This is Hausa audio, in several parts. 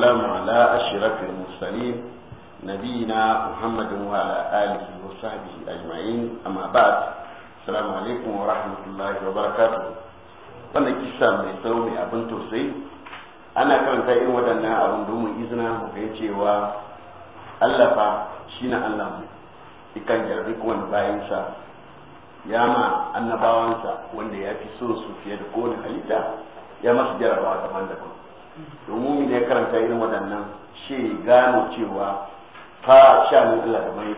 ala على أشرف المرسلين نبينا محمد وعلى آله وصحبه أجمعين أما بعد السلام عليكم ورحمة الله وبركاته wannan kisa mai tsawo mai abin tausayi ana karanta irin waɗannan abin domin izina mu kai cewa Allah fa shine Allah mu ikan jarbi kowane bayansa ya ma annabawansa wanda ya fi so su fiye da kowane halitta ya masu jarabawa daban-daban mu da ya karanta irin waɗannan shi gano cewa fa sha Allah da mai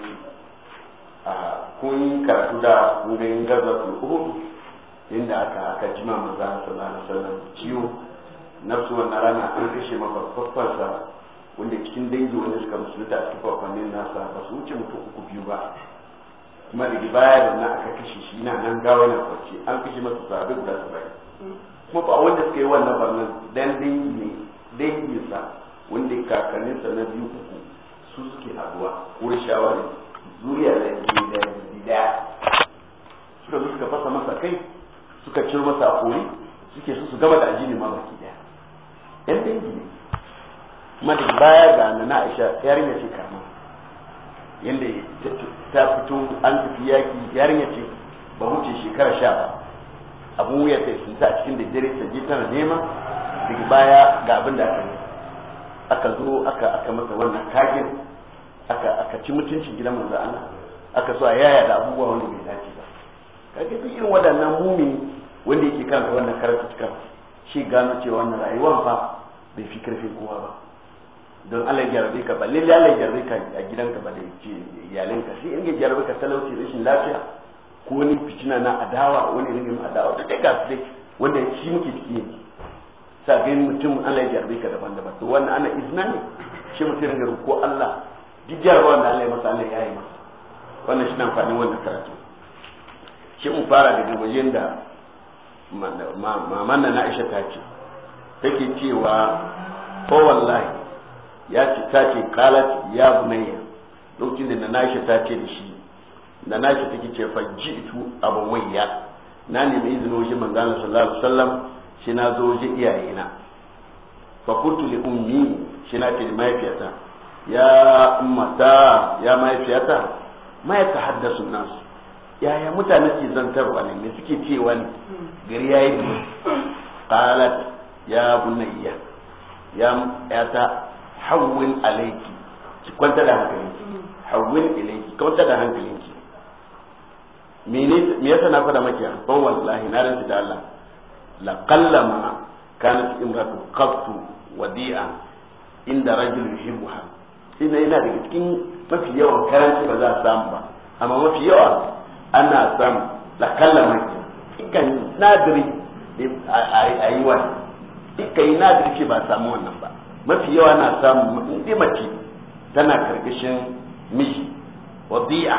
a kun karatu da wurin gaza su ubu? inda aka aka jima maza sallallahu alaihi wasallam ciwo nafsu wannan rana an kashe mafarfarsa wanda cikin dangi wanda suka musulunta a cikin kwanin nasa ba su wuce mutum uku biyu ba kuma da baya da na aka kashe shi na nan gawa na kwarci an kashe masa sabi guda saba'in kuma ba wanda suka yi wannan barnan dan dangi ne sa wanda kakanninsa na biyu uku su suke haduwa ko shawari zuriya da gida suka zo suka fasa masa kai suka ciro masa akori suke su su gaba da ajini ma baki daya yan dangi ne kuma da baya ga na Aisha yarinya ce kama yanda ta fito an tafi yaki yarinya ce ba huce shekara sha ba abu wuya kai shi sa cikin da jere ta tana nema daga baya ga abin da aka yi aka zo aka aka masa wannan kagen, aka aka ci mutuncin gidan manzo Allah aka so a yaya da abubuwa wanda bai dace ba kage duk irin waɗannan mumini wanda yake kan wannan karatu cikin shi gano cewa wannan rayuwar fa bai fi karfi kowa ba don Allah ya rabe ka ba lalle Allah ya rabe ka a gidanka ba da iyalinka shi in ya jarabe ka talauci rashin lafiya ko wani fitina na adawa wani rigin adawa duk da gasu dai wanda shi muke ciki yanzu sa ga mutum Allah ya jarbe ka daban-daban to wannan ana izna ne shi mutum ringa ko Allah duk jarabawa da Allah ya masa Allah ya yi masa wannan shi na amfanin wannan karatu shi mu fara daga wajen da maman na Aisha ta ce take cewa ko oh, wallahi ya ce ta ce kalat ya bunayya lokacin da na Aisha ta ce da shi da na shi take ce fajitu abawayya na nemi izini wajen manzon sallallahu alaihi wasallam shi na zo wajen iyayena fa kuntu li ummi shi na ce mahaifiyata ya ummata ya mahaifiyata ma ya tahaddasu nasu yaya mutane ke zantarwa ne me suke cewa ne gari yayi ne qalat ya bunayya ya ta hawwin alayki ki kwanta da hankalinki mm. hawwin ilayki kwanta da hankalinki me yasa na fada maka ban wallahi na ranta da Allah la qallama kanat imratu qattu wadi'a inda rajul yuhibbuha ina ina daga cikin mafi yawan karanci ba za a samu ba amma mafi yawa ana samu la qallama ikan nadiri a yi wani ikan yi nadiri ce ba samu wannan ba mafi yawa na samu inda mace tana karkashin miji wadi'a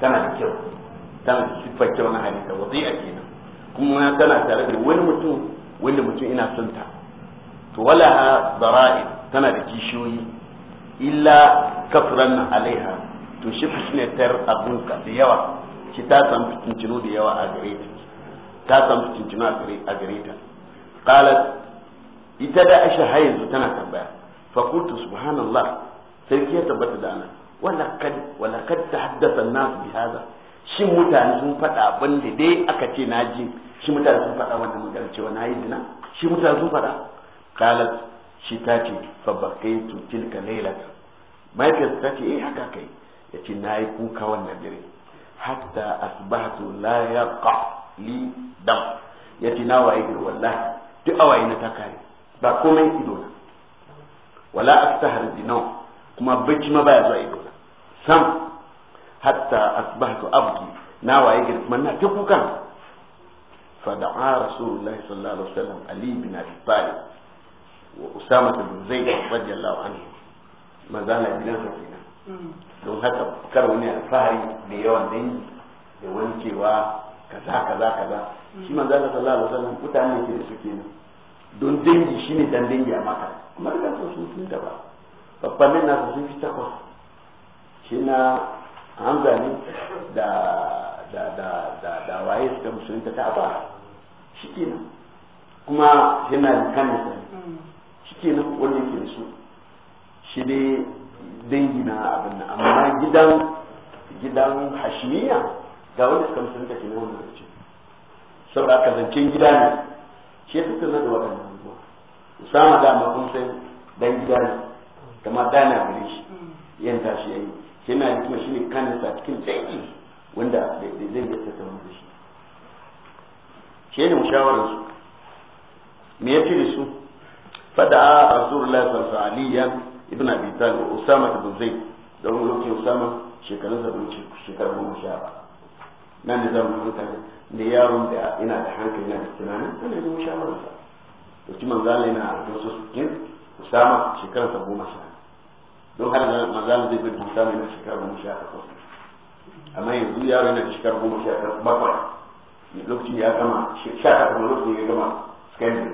tana da kyau tan siffar kyau na halitta wasi'a kenan kuma tana tare da wani mutum wanda mutum ina son ta to wala zara'i tana da kishiyoyi illa kafran alaiha to shi shine tar ka da yawa shi ta san fitincino da yawa a gare ta ta san fitincino a gare ta kala ita da aisha har yanzu tana tambaya fa qultu subhanallah sai ke tabbata da ana wala kad wala kad tahaddatha an-nas bi hadha shin mutane sun faɗa abin dai aka ce na ji shi mutane sun faɗa wanda mun gane cewa na yi zina shi mutane sun faɗa kalat shi ta ce fa bakaitu tilka lailat mahaifiyarsa ta ce eh haka kai ya ce na yi kuka wannan dare hatta asbahatu la yaqa li dam ya ce na waye gari wallahi duk awaye na ta kare ba komai ido na wala astahar dinau kuma bacci ma baya zuwa ido na sam hatta asbahtu abdi na waye girman na ta kukan fada'a rasulullahi sallallahu alaihi wasallam ali bin abi talib wa usama bin zaid radiyallahu anhu mazala gidansa kenan don haka kar wani alfahari da yawan dangi da cewa kaza kaza kaza shi manzala sallallahu alaihi wasallam mutane ke da su kenan don dangi shine dan dangi a maka kuma da su sun tunda ba babban nan su sun fi takwas shi na hamza ne da da da da da waye suka musulunta ta ba nan kuma yana kan nasa nan wanda yake su shi ne dangi na abin nan amma gidan gidan hashimiya ga wanda suka musulunta ke nan wanda ce saboda haka zancen gida ne shi ya zama da waɗannan abubuwa usama da makon sai dan gida ne kamar dana gare shi mm. yan tashi yayi kenan kuma shine kansa cikin dangi wanda zai yi tattauna da shi shine mushawarar su me yake da su fada rasulullah sallallahu alaihi sallam ibn abi talib usama ibn zaid da wani lokacin usama shekarun sa bunci shekarun goma sha ba nan ne zamu rubuta da yaron da ina da hankali na da tunanin to ne mushawarar sa to kuma zalina da su usama shekarun sa goma sha don har na mazan zai bai musa mai na shekara goma sha takwas amma yanzu yaro yana da shekara goma sha bakwai lokacin ya gama sha takwas lokacin ya gama scandal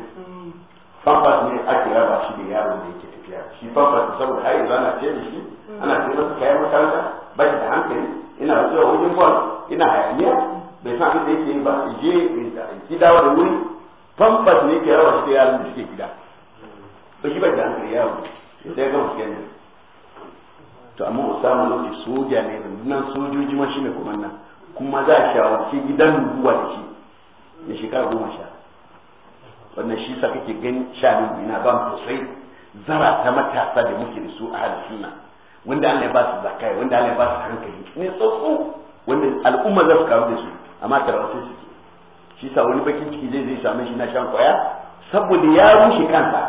famfas ne ake raba shi da yaron da yake tafiya shi famfas saboda har yanzu ana ce shi ana ce masa kayan makaranta ba da hankali ina zuwa wajen bol ina hayaniya bai san abin da yake yi ba je gida da wuri famfas ne ke raba shi da yaron da suke gida ba shi ba da hankali yaro sai ya gama scandal to amma samu su soja ne Na sojoji ma shine komanda kuma za a shawarci gidan zuwa da shi da shekara goma sha wannan shi sa kake gan shanu ina ba sosai zara ta matasa da muke da su a halittuna wanda Allah ya ba su zakai wanda Allah ya ba su hankali ne tsotso wanda al'umma za su karu da su amma tarawata su ke shi sa wani bakin ciki zai zai same shi na shan kwaya saboda ya rushe kansa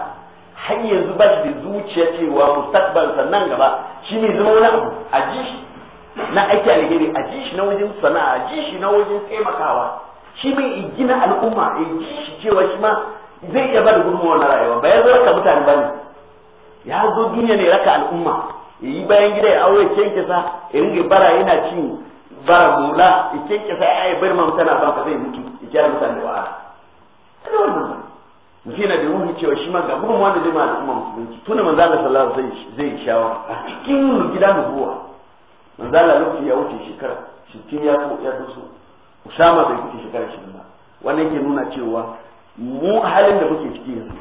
har yanzu ba da zuciya cewa mustaqbalsa nan gaba shi ne zama wani abu a ji shi na aiki alheri a ji shi na wajen sana'a a ji shi na wajen taimakawa shi mai gina al'umma ya ji shi cewa shi ma zai iya bada gudunmawa na rayuwa ba ya zo raka mutane ba ne ya zo duniya ne raka al'umma ya yi bayan gida ya aure kyankyasa ya ringa bara yana cin bara mula ya kyankyasa ya yi bari ma mutane a banka zai mutu ya kyara mutane da wahala. wannan mutum yana da ruhun cewa shi ma ga gudun wanda zai ma al'umma musulunci tun da manzala sallallahu alaihi zai yi shawara a cikin gida nubuwa manzala lokaci ya wuce shekara sittin ya ko ya doso usama bai wuce shekara shirin ba wannan ke nuna cewa mu halin da muke ciki yanzu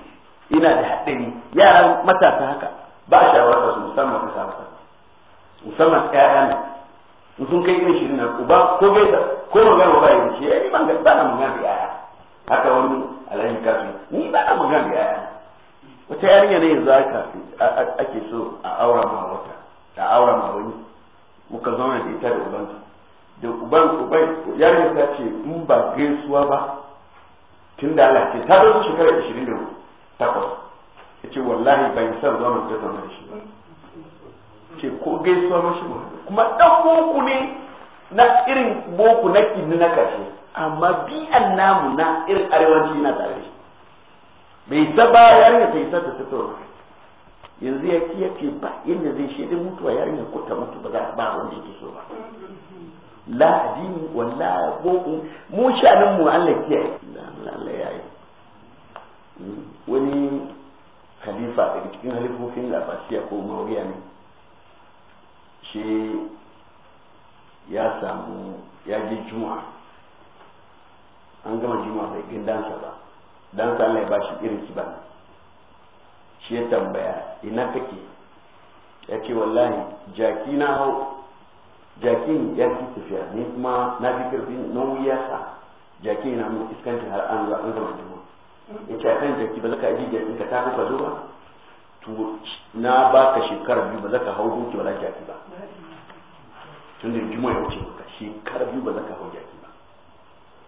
ina da haɗari yara matasa haka ba a shawara su musamman ta sarrafa musamman ƴaƴa ne in sun kai irin shirin na ko ba ko gaisa ko magana ba yi ce ya yi eh, ban ga tsana magana da yaya haka wani alhaji kafi ni ba a magana da yaya wata yarinya ne yanzu aka ake so a aura ma wata a aura ma wani muka zauna da ita da ubanta da uban uban yarinya ta ce in ba gaisuwa ba tun da Allah ce ta zo shekara 28 ta ce wallahi ban san zauna da zauna da shi ba ce ko gaisuwa ba shi ba kuma dan boku ne na irin boku na kidni na kashe amma bi'an namu na irin arewaci na tare bai ta ba yarinya ta isa ta fito yanzu ya ki yake ba inda zai shaidin mutuwa yarinya ko ta mutu ba za ba wanda yake so ba la addini walla boko mu shanin mu Allah kiyaye Allah ya yi wani khalifa daga cikin halifofin labasiya ko mauriya ne shi ya samu ya ji juma'a goma juma bai gan dansa ba dan sa Allah ya bashi irin ki ba shi ya tambaya ina kake ya ce wallahi jaki na hau jakin ya fi tafiya ne kuma na fi karfi na wuya sa jaki na mu iskanci har an zuwa an zama juma ya ce kan jaki ba za ka aji jaki ka tafi ka zo ba to na ba ka shekara biyu ba za ka hau doki ba za jaki ba tun da juma ya wuce maka shekara biyu ba za ka hau jaki ba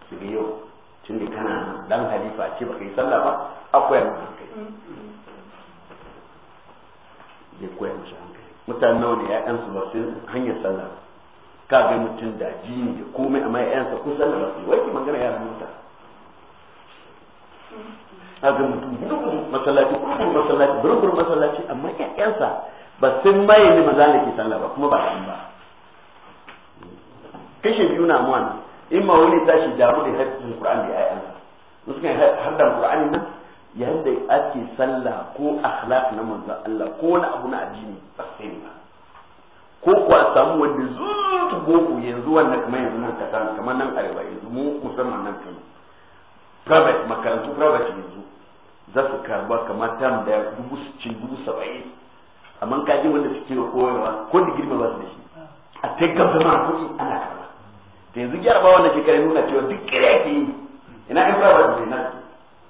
daga yau tun da kana dan halifa ce baka yi sallah ba akwai mu hankali bai mm. koya musu hankali mutane nawa ne ƴaƴansu ba su hanyar sallah ka ga mutum da jini da komai amma ƴaƴansa ko sallah ba su wai ki magana yaran mota ka ga mutum burbur masallaci burbur masallaci burbur masallaci amma ƴaƴansa ba sun mai ne maza ne ke sallah ba kuma ba san ba kashe biyu na wannan in ma wani tashi damu da haifin Kur'an da ayan suka har da Qur'an nan yayin da ake sallah ko akhlaq na manzo Allah ko wani abu na addini ba sai ba ko kuwa samu wanda zuwa boko yanzu wannan kamar yanzu nan ta samu kamar nan arewa yanzu mu musamman nan kai private makarantu private yanzu za su karba kamar tam da dubu sittin dubu saba'in amma kaji wanda suke koyarwa ko digiri ba su da shi a ta gaba ma kuɗi ana karba to yanzu gyarba wannan shekarar nuna cewa duk kira ke yi ina in fara da nan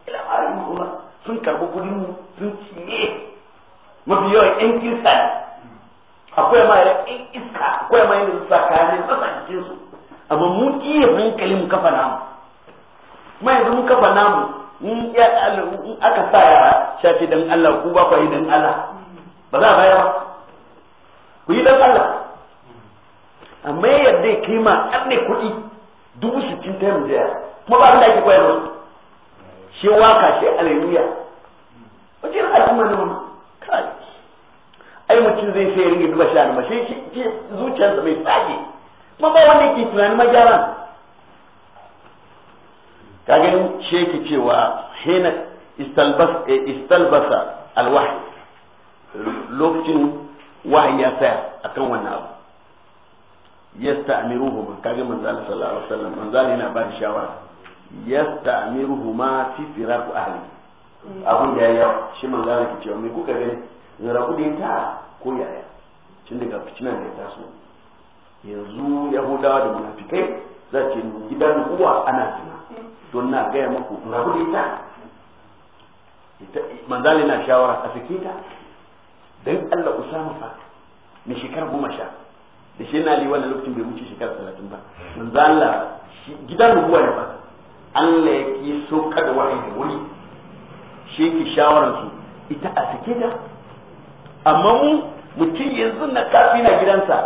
ila mara in kuma sun karbi kudin sun ciye mafi yawan yan kirista akwai ma yan iska akwai ma yadda su sa kayan ne sassa jikin su amma mun iya hankali mu kafa namu kuma yanzu mun kafa namu mun in aka sa yara shafi dan Allah ku ba ku yi dan Allah ba za a bayar ba ku yi dan Allah amma ya yarda ya kai ma an ne kuɗi dubu sittin ta yanzu ya kuma ba da ake koya su shi waka shi aleluya wajen al'umma ne wani kai ai mutum zai sai ringa duba shi al'umma shi ke zuciyarsa bai tsage kuma ba wanda ke tunanin ka gani shi yake cewa hena eh, istalbasa alwahi lokacin wahayi ya tsaya kan wannan abu yasta'miruhuma kage manzo Allah sallallahu alaihi wasallam manzo Allah yana ba da shawara yasta'miruhuma fi firaq ahli abun da yayi shi manzo Allah ke cewa me kuka gani zara kudin ta ko yaya tun daga fitina da ta so yanzu yahudawa da munafikai za ce gidan uwa ana tuna don na gaya maku na kudin ta manzali na shawara a fikita ta don Allah samu fa ni shekara goma sha da shi na li wannan lokacin bai wuce shekara talatin ba manzo Allah gidan nubuwa ne ba Allah ya ki so kada wani da wuri shi ki shawaran su ita a sake da amma mu mutum yanzu na kafi na gidansa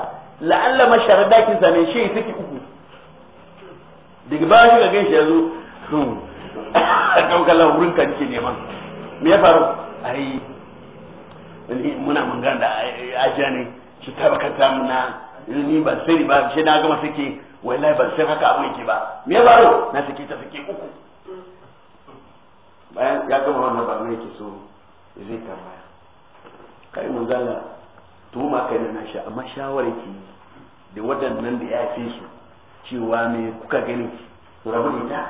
la'alla mashar dakin sa ne shi take uku daga baya shi ga ganshi yazo hmm, a kaukala wurin ka nake neman me ya faru ai muna mangana da ajiya ne cutar ka ta muna eh ni ban sani ba shi na gama sake wallahi ban san haka abin yake ba me ya faru na sake ta sake uku bayan ya gama wannan ba mai ke so zai tambaya kai mun zalla tuma kai na shi amma shawara ke da waɗannan da ya fi su cewa me kuka gani ku rabu da ita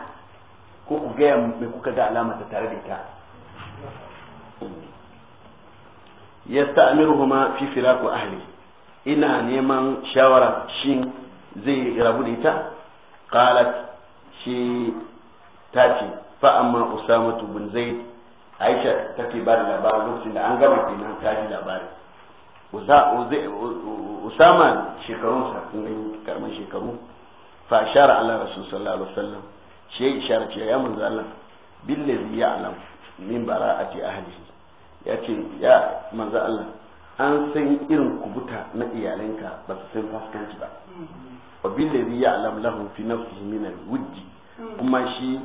ko ku gaya me kuka ga alama ta tare da ita يستأمرهما في فراق أهله ina neman shawara shin zai rabu da ita qalat shi ta ce fa amma usamatu bin zaid aisha take ba da labarin lokacin da an gama kenan ta ji labarin usama shekarun sa kun gani karman shekaru fa ashara ala rasul sallallahu alaihi wasallam shi ya ishara ce ya manzo Allah billazi ya'lam min bara'ati ahlihi yace ya manzo Allah an san irin kubuta na iyalanka ba su san fasikanci ba hmm. abin da ya alam lahum fi nafsihi min hmm. kuma shi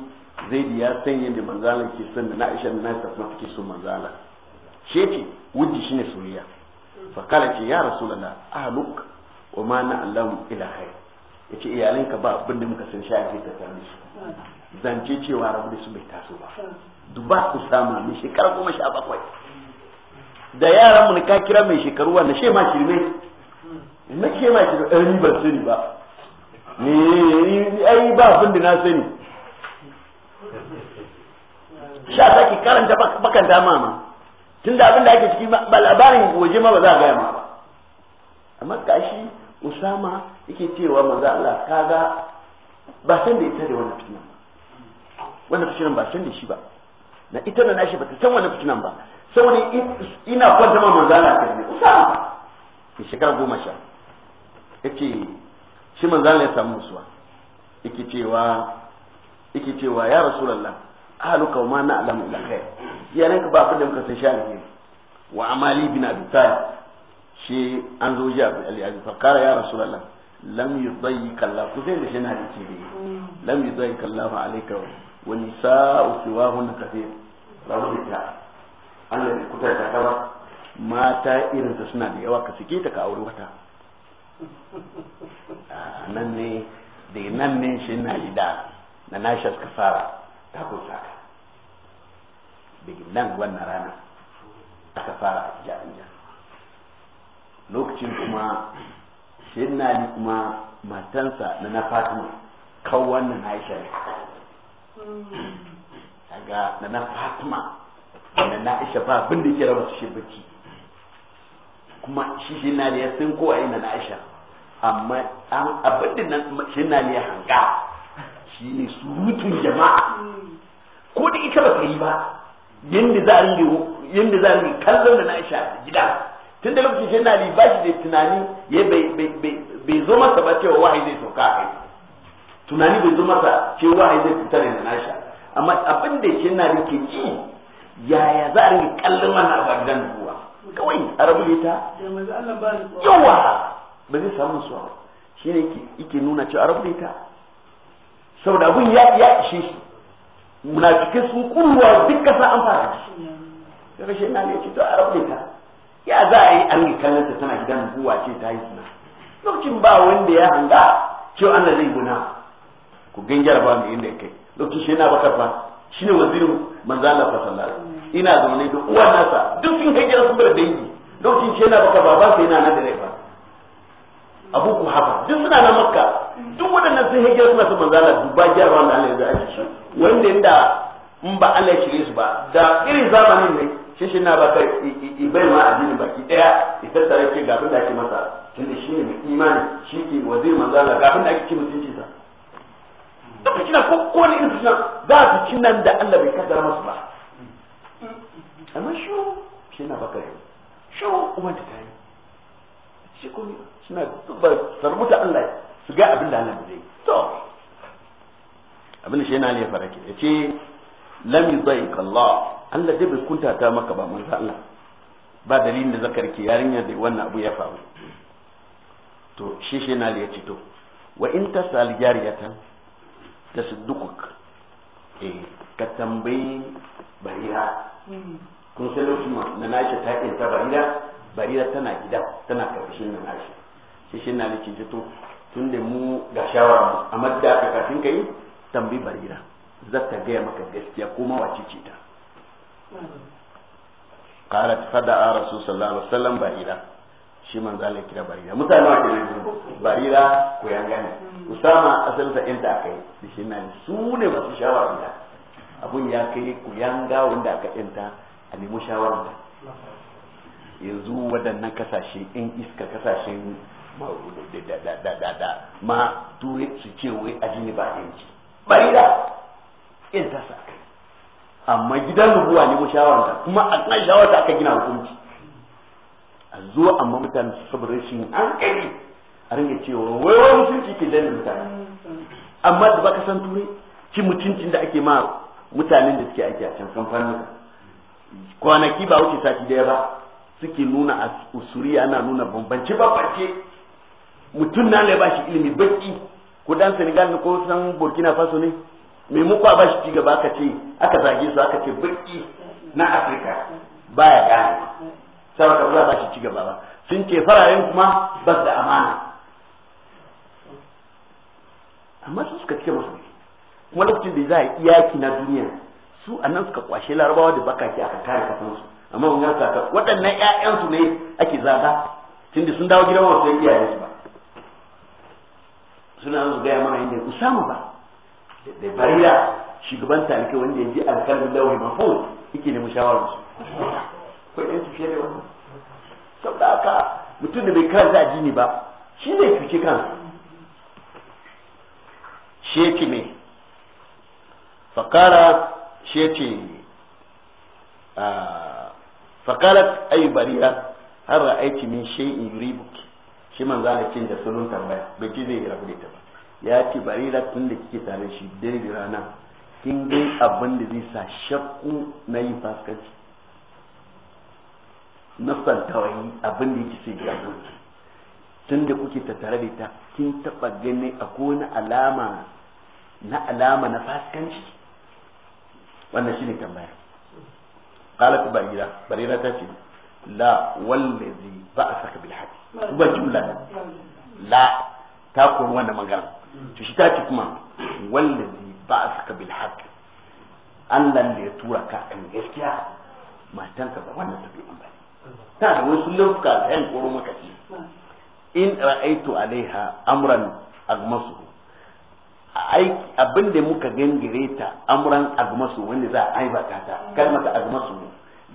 da ya san yadda manzalan ke san na Aisha na ta kuma take so manzala shi ce wujji shine soyayya hmm. fa kala ce ya rasulullah ahluk wa ma na alam ila khair yace iyalanka ba abin da muka san shafi ta tare shi zance cewa rabu da su bai taso ba duba ku sama ni shekara goma sha bakwai da yaran mu ka kira mai shekaru wanda shi ma shirme na she ma shi da eh, ni sani ba ni ai ba abin da na sani sha sake karanta bakan dama ma tun da abin da ake ciki ba labarin waje ma ba za a gaya ma ba amma shi usama yake cewa manzo Allah kaga ba san da ita da wannan fitina wannan fitinan ba san da shi ba na ita da nashi ba ta san wannan fitinan ba saboda ina kwanta ma manzana ta ne usama ke shekara goma sha ce shi manzana ya samu musuwa yake cewa yake cewa ya rasulullah ahluka ma na alamu ila khair iyalan ka ba abin da muka san sha ne wa amali bin abi talib shi an zo ji abu ali fa kara ya rasulullah lam zai Allah ku zai da shi na da ke lam yudayyik Allah alayka wa nisa'u siwahun kathir rauni ta. Allah ya kuta ta ba mata irin ta suna da yawa ka sike ta ka aure wata nan ne da nan ne shi na ida na nashi suka fara ta kun saka daga nan wannan rana aka fara jami'a lokacin kuma shi na kuma matansa na na fatima kawo wannan aisha ne daga hmm. na na fatima wannan na aisha ba abin da yake raba su shi bacci kuma shi shi na ya sun ko yana na aisha amma an abin da nan shi na ya hanga shi ne surutun jama'a ko da ita ba ta yi ba yadda za a ringe yadda za a ringe kallon da na aisha a gida tun da lokacin shi na ba shi da tunani ya bai zo masa ba cewa wahayi zai sauka a kai tunani bai zo masa cewa wahayi zai fitar da na aisha amma abin da shi na ke ci yaya za a rinka kallon wannan abu ruwa kawai a ta yawa ba zai samu suwa shi ne yake nuna cewa a rabu ta saboda abun ya ya ishe shi munafikai sun kurwa duk kasa an fara shi daga shi na ne ce to a rabu ta ya za a yi an yi kallon ta tana gidan ruwa ce ta yi suna lokacin ba wanda ya hanga cewa Allah zai guna ku gangar ba mu inda kai lokacin shi na bakar ba shine wazirin manzo Allah fa sallallahu ina zaune da uwan nasa duk sun kai gidan sun bar dangi dokin ce yana baka baban sai yana nan da rai fa abu ku haka duk suna na makka duk waɗannan sun hijira suna su manzala duba jarawa da Allah ya zai shi wanda inda in ba Allah ya shirye su ba da irin zamanin ne shi shi na baka ibai ma addini baki daya ya tattara ke gafin da ake masa tunda shi ne mai imani shi ke wazir manzala gafin da ake ci mutunci sa duk kina ko ne irin suna za ci nan da Allah bai kaddara masu ba amma shu shi na baka yau shu kuma ta yi shi kuma suna ba sarmuta Allah su ga abin da Allah zai to abin da shi yana ne fara ke yace lam zai Allah Allah dai bai kunta ta maka ba mun Allah ba dalilin da zakarki yarinya da wannan abu ya faru to shi shi yana ne ce to wa in tasal jariyatan ta sudduquk eh ka tambayi barira kun sai lokacin na nashi ta ta barira barira tana gida tana karkashin na nashi shi shi na nake jito tun da mu ga shawara mu amma da ka kafin kai tambayi barira zata gaya maka gaskiya ko ma wace ce ta qalat a rasul sallallahu alaihi wasallam barira shi manzo Allah kira barira mutane wa kenan barira ku yanga ne usama asalinsa yanta aka yi da shi na su ne masu shawara da abun ya kai ku yanga wanda aka yanta a nemo shawara da yanzu waɗannan kasashe in iska kasashe da ma turai su ce wai ajini ba yanci bai da in sa kai amma gidan rubuwa ne mu da kuma a kan shawara aka gina hukunci a zo amma mutane su saboda rashin kai a ringa cewa wai wai mutunci ke danne mutane amma da baka san turai ci mutuncin da ake ma mutanen da suke aiki a can kamfanin kwanaki ba wuce sati daya ba suke nuna a usuriya ana nuna bambance bambance mutum na lai shi ilimi baki ko dan Senegal ko san Burkina Faso ne mai muku ba shi cigaba aka ce aka zage su aka ce baki na Afirka baya gane sabaka ba ba shi cigaba ba sun ce fararen kuma ba da amana amma su suka cike musu kuma lokacin da za a yi yaki na duniya su a nan suka kwashe larabawa da bakaki aka kare kasansu amma wani yanka ka waɗannan ƴaƴansu ne ake zaga da sun dawo gidan wasu yan iyayen su ba suna su gaya mana inda samu ba da barira shugaban talikai wanda ya ji alkalmin lauyi mafo yake nemi shawarar su kai ɗan fiye da wannan saboda haka mutum da bai karanta addini ba shi ne cuce kansa sheki ne me fakara shi yake ah, fakara ayu bariya har ra'aiti min shay'in yuribuki shi man za a cin da sunan tambaya bai ci zai rabu da ta ba ya ce barira tun da kike tare shi dai da rana kin ga abin da zai sa shakku na yin na nafsan tawayi abin da yake sai gaban tun da kuke tattare da ta kin taba gani akwai wani alama na alama na fasikanci wannan shine tambaya qalat barira barira ta ce la wallazi ba'athaka bil haqq duba jumla la ta koyi wannan magana to shi ta ce kuma wallazi ba'athaka bil haqq Allah ne tura ka kan gaskiya matanka ba wannan tabi'un ba ta da wasu koro maka in ra'aitu alaiha amran agmasu abin da muka gangare ta amuran agmasu wanda za a aibata ta kalmata agmasu ne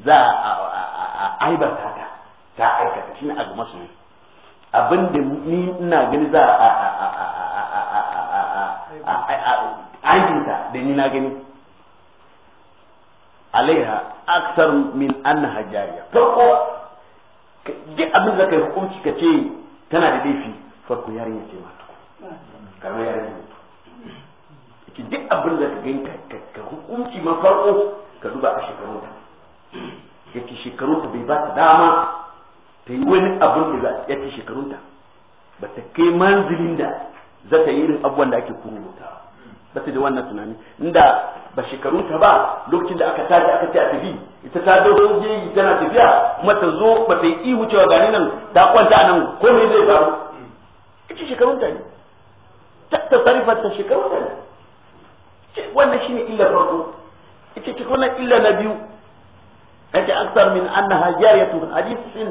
za a aibata ta ta aikata shi ne agmasu ne abin da ni ina gani za a aibata da ni na gani alaiha aksar min an jariya farko duk abin da yi hukunci ka ce tana da laifi farko yarinya ce ma kamar yarinya ki duk abin da ka gani ka hukunci ma farko ka duba a shekarun ta yake shekarun ta bai ba ta dama ta yi wani abin da ya ke shekarun ta ba ta kai manzilin da za ta yi irin abubuwan da ake ta ba ta da wannan tunani inda ba shekarun ta ba lokacin da aka tafi aka tafi a tafi ita ta dogo jeji tana tafiya kuma ta zo ba ta yi ihu cewa gani nan ta kwanta nan ko me zai faru ita shekarun ta ne ta tasarifar ta shekarun ta ne wannan ne illa farko ita ce wannan illa na biyu ake aksar min annaha jariyatu hadisin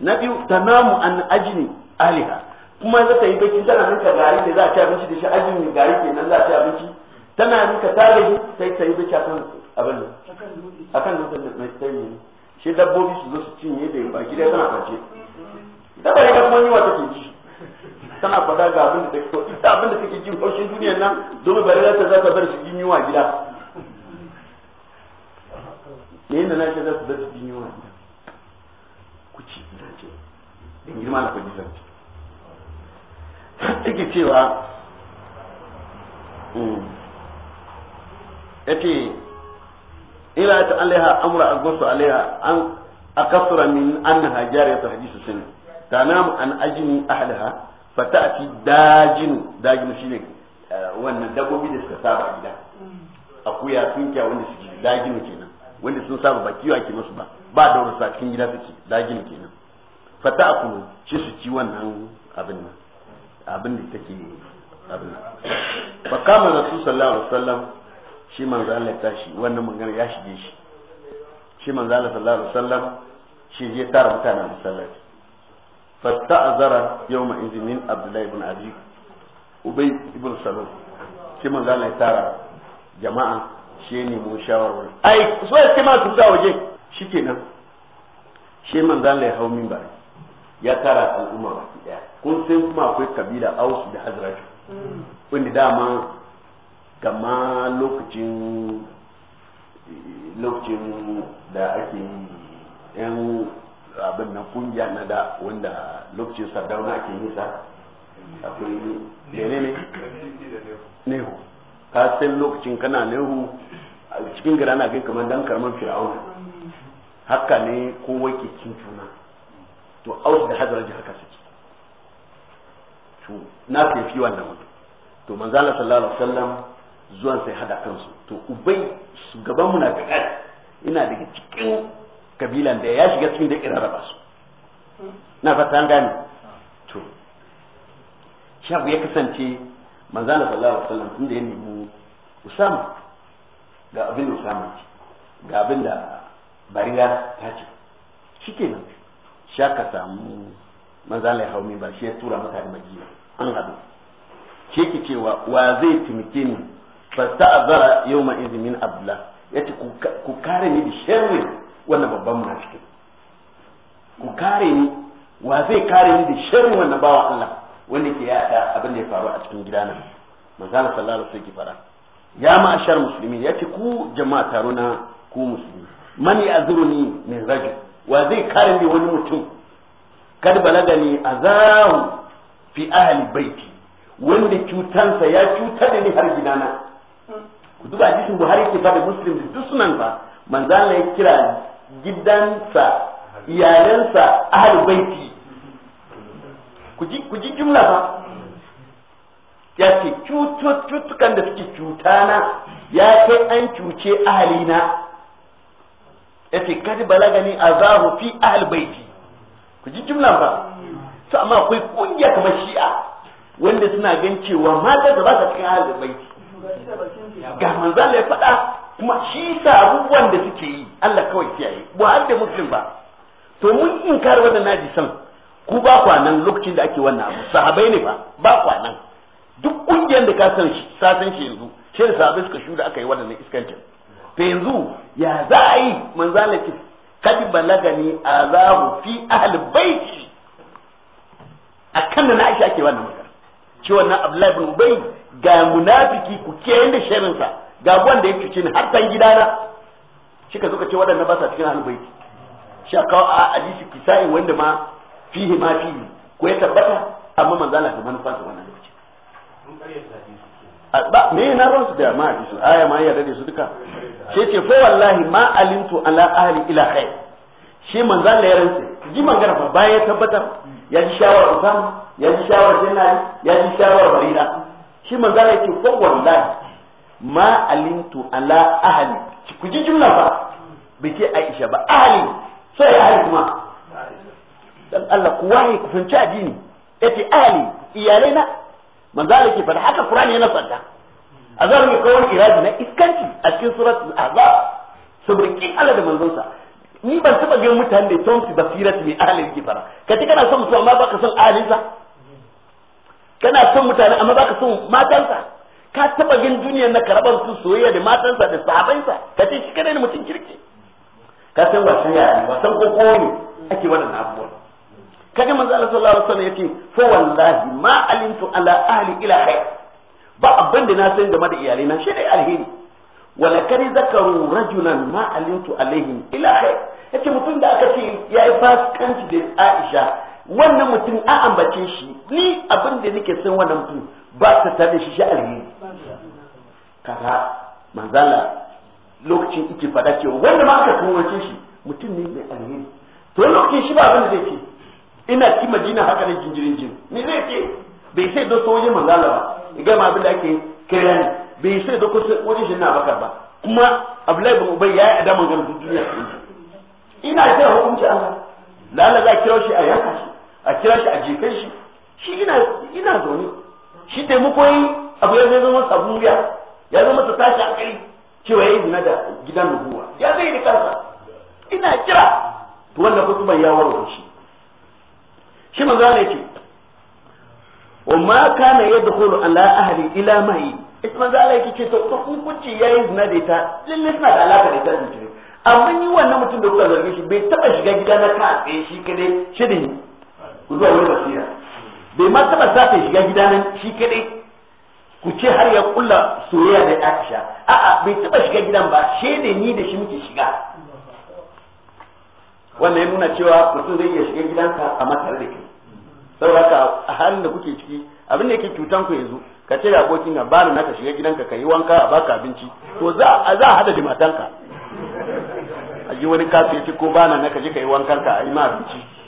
na biyu tanamu an ajni aliha kuma za ta yi baki tana nuka gari da za a ci abinci da shi ajin gari kenan za a ci abinci tana ninka tarihi sai ta yi baki akan abin nan akan dutsen da mai tsayi shi dabbobi su zo su cinye da baki da tana kwance dabba ne kuma yi wata ke ci tana faɗa ga abin da take so ita abin da take jin haushin duniyar nan domin bari za ta za ta bar su jin yunwa gida me yin da na ce za ta bar su jin yunwa gida ku ci ina ce in girma na kwaji zan ci take cewa hmm. ya ce ila ta alaiha amura a gosu alaiha an a kasura min an ya ta hajji su hadisu ta namu an ajni ahlaha fata dajin ci shine eh, wannan dabbobi da suka saba a gida mm. akuya tunkiya wanda suke dajin kenan wanda sun saba ba wa ake musu ba ba da wurin a cikin gida suke dajin kenan fata'ku a shi su ci wannan abin nan abin da take abin fa kama rasul sallallahu alaihi wasallam shi manzo Allah ya tashi wannan magana ya shige shi shi manzo Allah sallallahu alaihi wasallam shi je tara mutanen masallaci fasta'azara yawma izmin min abdullahi ibn abi ubay ibn salul shi manzo Allah ya tara jama'a shi ne mu shawarwar ai so ya ce ma su da waje shikenan shi manzo Allah ya hau minbar ya tara al'umma baki daya kun san kuma akwai kabila Aus da Hazraj wanda dama gama lokacin eh, lokacin da ake yan abin nan kungiya na da wanda lokacin sardauna ke nisa akwai ne ne nehu ka san lokacin kana nehu a cikin gara na kai kamar dan karman fir'auna haka ne kowa ke cin juna to aus da ji haka suke to na kai fi wannan mutum to manzala sallallahu alaihi wasallam zuwan sai hada kansu to ubai gaban munafiqai ina daga cikin kabilan da ya shiga cikin da irin raba su na fata an gane to shabu ya kasance manzana sallallahu alaihi wasallam tun da ya nemi usama ga abin da usama ce ga abin da bariya ta ce shikenan shaka samu manzana ya hau min ba shi ya tura masa da magiya an haɗu shi ke cewa wa zai taimake ni fasta azara yau ma izinin abdullah ya ce ku kare ni da shirin wannan babban munafiki ku kare ni wa zai kare ni da sharri wannan bawa Allah wanda ke yada abin da ya faru a cikin gidana manzo Allah sallallahu alaihi wasallam fara ya ma shar musulmi yace ku jama'a taro na ku musulmi man ya'zuruni min rajul wa zai kare ni wani mutum kad balagani azahu fi ahli baiti wanda cutansa ya cuta da ni har gidana ku duba hadisin Buhari ke fada Muslim duk sunan ba manzala ya kira gidansa iyalansa ahal baiti ku ji jumla ba ya ce cututtukan da suke cutana ya kai an cuce ahalina ya ce kadi balagani azabu fi ahal baiti ku ji jumla ba su amma akwai kungiya kamar shi'a wanda suna gan cewa mata da ba ta cikin ahal baiti ga manzala ya faɗa kuma shi da abubuwan da suke yi Allah kawai kiyaye ba har da muslim ba to mun inkar wannan san ku ba kwanan lokacin da ake wannan abu sahabai ne ba ba kwanan duk kungiyar da ka san shi san shi yanzu shi da sahabai suka shuda aka yi wannan iskancin to yanzu ya za a yi manzala ce kad balagani azahu fi ahli baiti akan da na Aisha ake wannan magana ce wannan Abdullahi bin Ubay ga munafiki ku kiyaye da sharinsa ga wanda ya cuce ni har san gidana shika suka ce waɗanda ba sa cikin albaiti shi a kawo a hadisi kisai wanda ma fihi ma fihi ko ya tabbata amma manzo Allah da manufa sa wannan lokaci ba me na ran su da ma hadisi aya ma ya dade su duka sai ce fa wallahi ma alimtu ala ahli ila khair shi manzo Allah ya rantsa ji magana fa baya ya tabbatar ya ji shawara Usama ya ji shawara Zainab ya ji shawara Barira shi manzo Allah ya ce ko wallahi ma alimtu ala ahli ku ji jumla ba bai ce aisha ba ahli sai ahli kuma dan Allah ku wahi ku fanci addini yace ahli iyalai na manzo Allah ke fada haka Qur'ani yana fada azar mu kawai iradi na iskanti a cikin suratul ahzab sabrikin Allah da manzonsa ni ban taba ga mutane da tonsi basirat mai ahalin gifara ka ce kana son mutum amma baka son ahalinsa kana son mutane amma baka son matansa ka taba gin duniyar na karabar su soyayya da matansa da sahabansa ka ce shi kadai mutum kirki ka san wasan yaya wasan koko ne ake wannan abubuwa kaga manzo Allah sallallahu alaihi wasallam yake fa wallahi ma alimtu ala ahli ila khair ba abin da na san game da iyalai na shi dai alheri wala kari zakaru rajulan ma alimtu alaihim ila khair Yake mutum da aka ce yayi fasikanci da Aisha wannan mutum a ambace shi ni abin da nake san wannan mutum ba ta tare shi shi alheri kaga manzala lokacin iki fada cewa wanda ma aka tuwace shi mutum ne mai alheri to lokacin shi ba abin da zai ce ina cikin madina haka da jinjirin jin ni zai ce bai sai da soje manzala ba ya gama abin da ake kira ne bai sai da kusa wajen shi na bakar ba kuma abdullahi bin ubay yayi adaman garin duniya ina jira hukunci Allah lalla za a kira shi a yanka shi a kira shi a jefe shi shi ina ina zaune shi taimako yi abu ya zai zama sabon wuya ya zama ta tashi kai cewa ya yi zina da gidan nubuwa ya zai da kansa ina kira to wannan hukuman ya warware shi shi manzo ne ce wa ma kana yadkhulu ala ahli ila mai ita manzo Allah yake ce to hukunci yi zina da ita lalle suna da alaka da ita zuciya amma ni wannan mutum da kuka zarge shi bai taba shiga gida na ka tsaye shi kadai shi ne ku zuwa wani basira bai ma taba sa ta shiga gida nan shi kadai ku ce har ya kulla soyayya da Aisha a'a bai taba shiga gidan ba ne ni da shi muke shiga wannan ya nuna cewa mutum zai iya shiga gidan ka a matsar da kai saboda ka a halin da kuke ciki abin da yake cutan ku yanzu ka ce ga abokin ka bani naka shiga gidan ka yi wanka a baka abinci to za za a hada da matanka a ji wani kafin ya ko bana naka je ka yi ka a yi ma abinci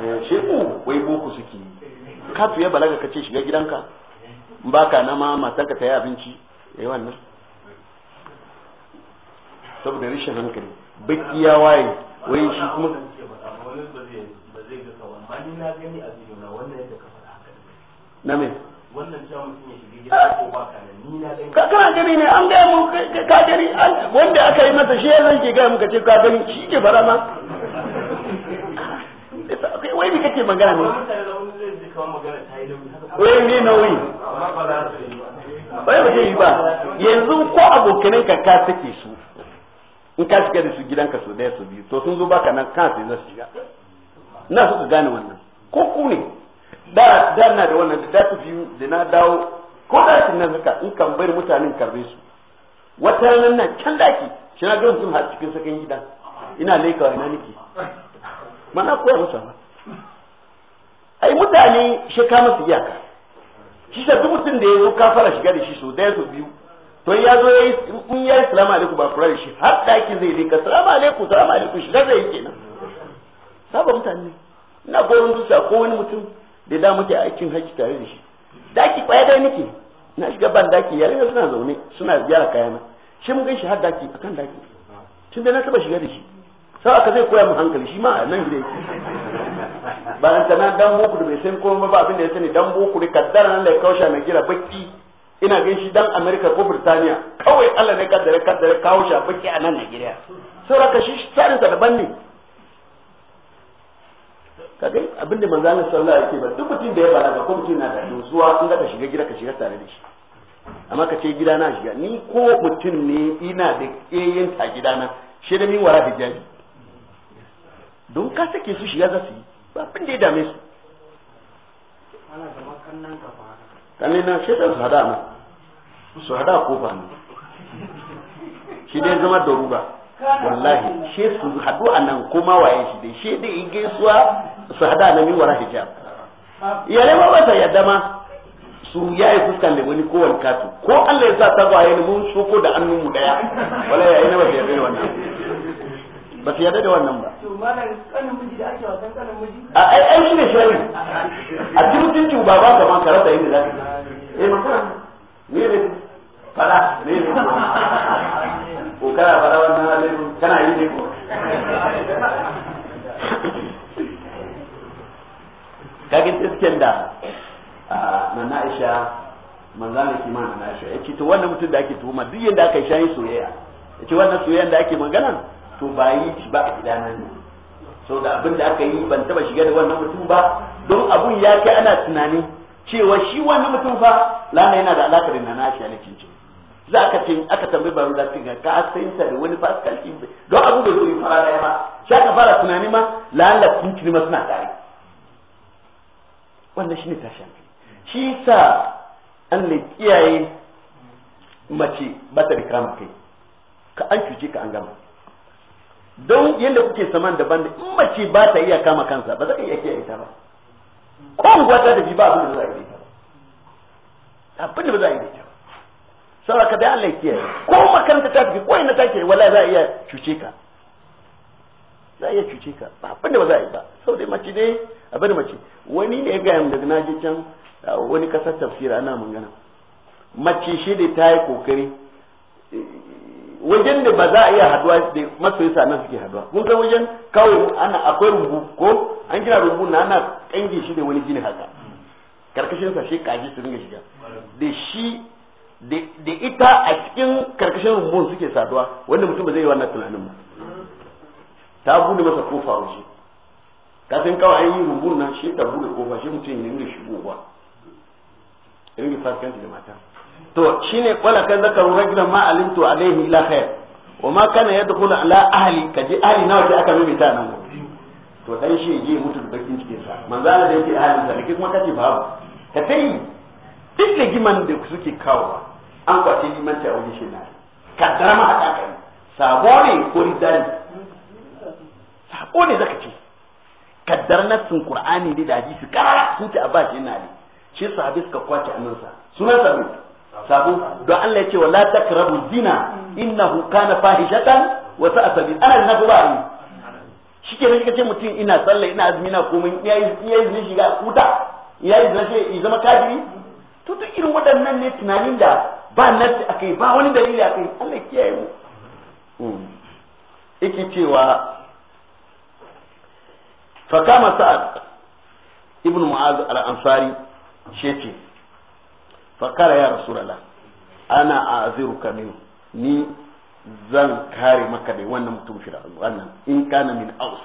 shi ku wai boko suke yi kafi ya balaga kace shiga gidanka ba ka na ma matanka ta yi abinci ya yi wannan saboda rishin hankali baki ya waye wai shi kuma na me wannan cewa mutum ya shiga ko ka ni na gani ka gani ne an gaya mu ka gani wanda aka yi masa shi ya zan ke gaya muka ce ka gani shi ke fara ma wai me kake magana ne wai me nauyi wai ba yi ba yanzu ko abokanai ka ka take su in ka shiga da su gidanka su daya su biyu to sun zo baka nan kan sai za su shiga na suka gane wannan ko ku ne da da na da wannan da su biyu da na dawo ko da su nan suka in kan bayar mutanen karbe su wata ranar nan can daki shi na ga sun har cikin sakan gidan ina lekawa ina nake mana koya musu ba ai mutane shi ka musu iyaka shi sa duk mutum da ya zo ka fara shiga da shi so daya so biyu to ya zo ya yi in ya yi salamu alaikum ba kura da shi har daki zai dinka ka salamu alaikum salamu alaikum shiga zai yi kenan saba mutane ina gorin zuciya ko wani mutum da da muke aikin haji tare da shi daki kwaya dai nake na shiga ban daki yare suna zaune suna ziyara kayana shi mun gan shi har daki akan daki tun da na taba shiga da shi sau aka zai koya mu hankali shi ma nan gida yake bayan ta nan dan boku da bai san komai ba abin da ya sani dan boku da kaddara nan da ya kausha mai gira baki ina gan shi dan america ko birtaniya kawai allah ne kaddara kaddara kausha a baki a nan nigeria sauraka shi tsarinsa daban ne kaga abin da manzo Allah sallallahu alaihi wasallam duk mutum da ya balaga ko mutum na da zuwa in ka shiga gida ka shiga tare da shi amma ka ce gida na shiga ni ko mutum ne ina da gida gidana shi da min wara hijabi don ka sake su shiga za su yi ba abin da ya dame su kanin na shi su hada ma su hada ko ba ne shi dai zama da ruba wallahi shi su hadu a nan ko ma waye shi dai shi dai in suwa su hada nan min wara hijab iyalai ma ba ta yadda ma su yayi fuskan da wani kowane katu ko Allah ya sa ta ba yayin mun soko da annun mu daya wala yayi na ba ta yarda wannan ba su yarda da wannan ba a ai ai shi ne shari a cikin cin ba ba kama ka rasa inda za eh makara ne ne fara ne ne ko kana fara wannan halin kana yi ne ko kagin isken da na na'isha manzana kimanin na'isha ya ce to wannan mutum da ake tuhuma duk yadda aka yi shayin soyayya ya ce wannan soyayyan da ake magana to ba yi shi ba a gidana ne so da abin da aka yi ban taba shiga da wannan mutum ba don abun ya kai ana tunani cewa shi wannan mutum fa lana yana da alaka da nana shi ne ce za ka ce aka tambayi baro da cikin ka san ta da wani ba don abu da zai fara da ba shi aka fara tunani ma lalla cincin ma suna tare wannan shine tashin shi sa an ne kiyaye mace ba ta rikama kai ka an cuce ka an gama don yadda kuke saman daban da in mace ba ta iya kama kansa ba za ka iya kiyaye ta ba ko unguwa ta tafi ba abin da za a yi ba abin da ba za a yi ita ba sau ka dai Allah ya kiyaye ko makaranta ta tafi ko ina ta kiyaye wala za a iya cuce ka za a iya cuce ka ba abin da ba za a yi ba dai mace dai abin da mace wani ne ya gaya daga na je can wani kasar tafsira ana gana mace shi da ta yi kokari wajen da ba za a iya haduwa da masoyinsa na suke haduwa mun san wajen kawai ana akwai rumbu ko an gina rumbu na ana kange shi da wani gini haka karkashin sa shi kaji su ringa shiga da shi da ita a cikin karkashin rumbun suke saduwa wanda mutum ba zai yi wannan tunanin ba ta bude masa kofa waje ka san kawai an yi rumbun na shi ta bude kofa shi mutum ya ringa shigowa ringa fasikanci da mata to shine qala kan zakaru rajulan ma alimtu alaihi la khair wa ma kana yadkhulu ala ahli kaji ahli nawa ke aka mimita nan to dan shi je mutu da bakin cikin sa manzo Allah da yake ahli da kike kuma kace babu ka tai duk giman da suke kawo an kwace giman ta wani shi na ka ma haka kai sabo ne ko ridani sabo ne zaka ce kaddar nassin qur'ani da hadisi karara sun ce a ba shi na ne shi sahabi suka kwace annansa sunan sa sabu don Allah ya ce wala takrabu zina innahu kana fahishatan wa sa'a sabil ana na ba shi ke shi kace mutum ina sallah ina azumi na komai yayi yayi zai shiga kuta yayi zai ce ya zama kafiri to to irin waɗannan ne tunanin da ba nasi akai ba wani dalili akai Allah kiyaye mu hmm. yake cewa kama sa'ad ibnu mu'az al-ansari shi ce fakara ya rasulullah ana a aziruka min ni zan kare maka da wannan mutum fir'aun wannan in kana min aus